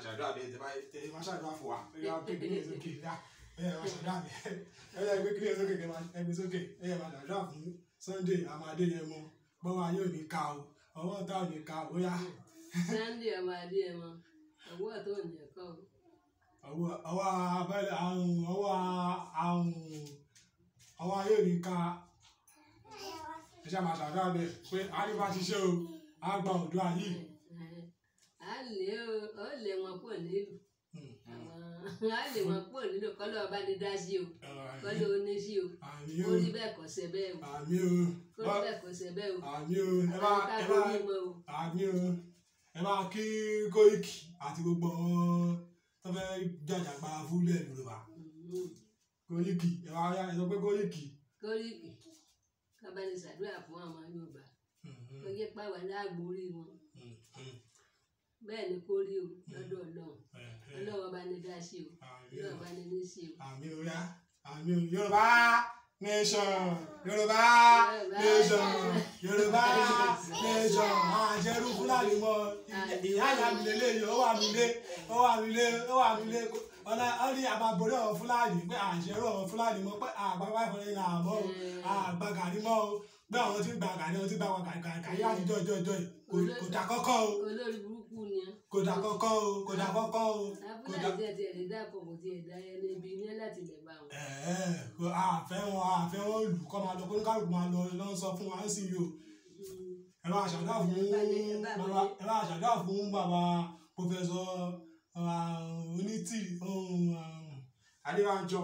máa ṣàdúrà bẹ́ẹ̀ tẹ bá tẹ máa ṣàdúrà fún wa ẹ máa gbé kílẹ̀ sókè dá ẹ máa ṣàdúrà mi ẹ máa gbé kílẹ̀ sókè ẹ gbé sókè ẹ Sunday Amadé yẹn mọ bọ́wọ́ ayé ò ní o ọwọ́ ọ̀tá ò ní ka Sunday Amadé yẹn mọ ọwọ́ ọ̀tá ò ní ẹ̀kọ́ o. ọwọ́ àrùn ọwọ́ àrùn ọwọ́ ayé ò ẹ ṣe máa ṣàdúrà bẹ́ẹ̀ pé àríwá ti ṣe o àgbà òdua yìí á lé ó lé wọn pọ̀ nílùú hmm. àwọn á lé wọn pọ̀ nílùú kọ́lọ́ ọba ní dá sí o kọ́lọ́ oní sí o kó rí bẹ́ẹ̀ kọ́ sẹ́ bẹ́ẹ̀ o kó rí bẹ́ẹ̀ kọ́ sẹ́ bẹ́ẹ̀ o àwọn ká ló ní mọ́ o. ẹ máa kí Koiki àti gbogbo wọn tó fẹ́ jàjàgbá fúlẹ̀ Yorùbá Koiki hmm. ẹ máa ẹ sọ pé Koiki. Koiki kábàlì ṣàdúrà fún àwọn Yorùbá kó hmm, yẹ pàwọn aláàgbórí wọn bẹ́ẹ̀ ni kó rí o hmm. lọ́dọ̀ ọlọ́run ọlọ́run ọba ni dá o ọlọ́run ọba ni ní ṣe o. àmì òyà àmì yorùbá nation yorùbá nation yorùbá nation jẹrú fúlàní mọ ìyá ìyá mi lélẹ̀ yìí ó wà mí lé ó wà mí lé ó wà mí lé ọ̀nà ọ̀nì àbàbòrè ọ̀hún fúlàní pé àṣẹrú ọ̀hún fúlàní mọ pé àgbàgbà ìfọ̀rẹ́ yìí àmọ́ hmm. o àgbàgàrí mọ́ pé àwọn tí ń gba àgàrí àwọn tí ń gba àti jọ́ ìjọ́ ìjọ́ yìí kò dà kọ́kọ́ o kò dà kọ́kọ́ o kò dà kọ́kọ́ o. abúlé àti ẹ̀jẹ̀ rẹ̀ dàpọ̀ kò tiẹ̀ dá ẹni ibi ní láti lè bá wọn. àfẹ́ wọn àfẹ́ wọn olùkọ́ máa lọ kó ní kálukú máa lọ lọ́n sọ fún wa ń sì yìí o. Hmm ẹ bá ṣàdá fún ẹ bá ṣàdá fún bàbá pòfẹsọ uh, onítì um, um, adébánjọ.